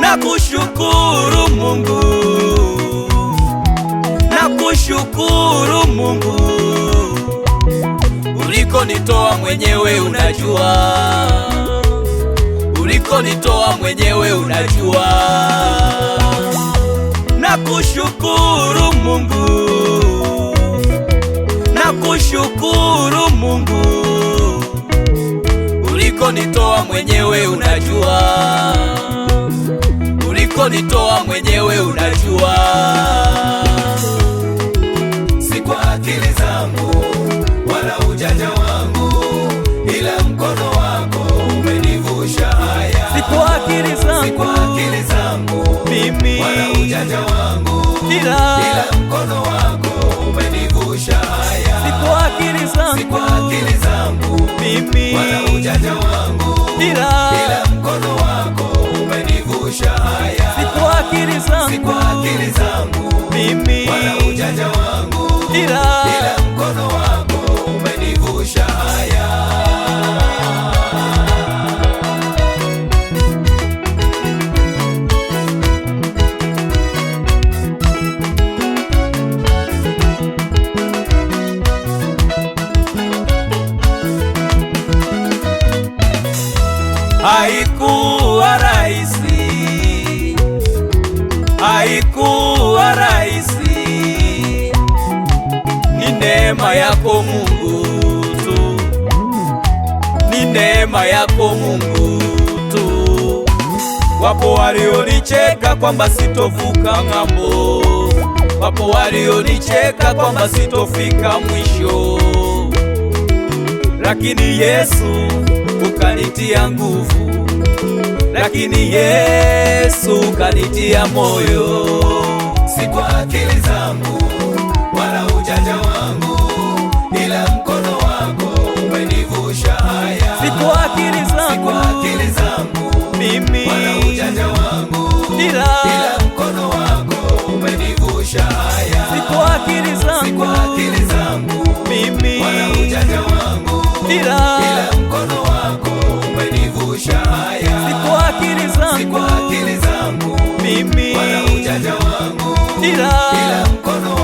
Nakushukuru Mungu, nakushukuru nitoa mwenyewe unajua ulikonitoa mwenyewe unajua. Nakushukuru Mungu, nakushukuru Mungu, ulikonitoa mwenyewe unajua, ulikonitoa mwenyewe unajua. akili zangu mimi, ujanja wangu, mkono wako umenigusha haya. Sipo akili zangu mimi, ujanja wangu haikuwa rahisi, haikuwa rahisi, ni neema yako Mungu tu, ni neema yako Mungu tu. Wapo walionicheka kwamba sitovuka ng'ambo, wapo walionicheka kwamba sitofika mwisho, lakini Yesu kanitia nguvu, lakini Yesu kanitia moyo. Si kwa akili zangu wala ujanja wangu, ila mkono wako umenivusha haya. Si kwa akili zangu mimi wala ujanja wangu, ila mkono wako umenivusha haya. Si kwa akili zangu mimi wala ujanja wangu ila Kila mkono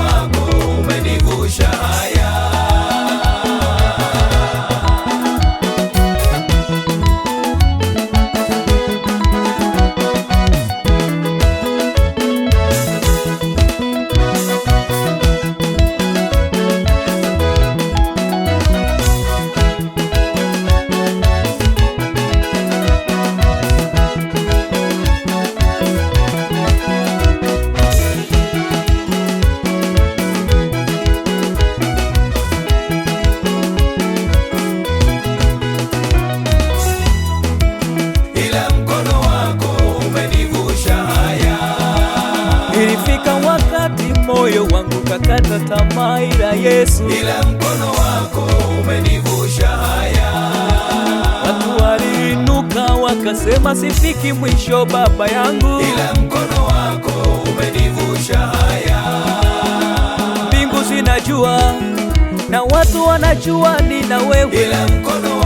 moyo wangu kakata tamaa, ila Yesu, ila mkono wako umenivusha haya. Watu waliinuka wakasema, sifiki mwisho baba yangu, ila mkono wako umenivusha haya. Mbingu zinajua na watu wanajua, ni na wewe, ila mkono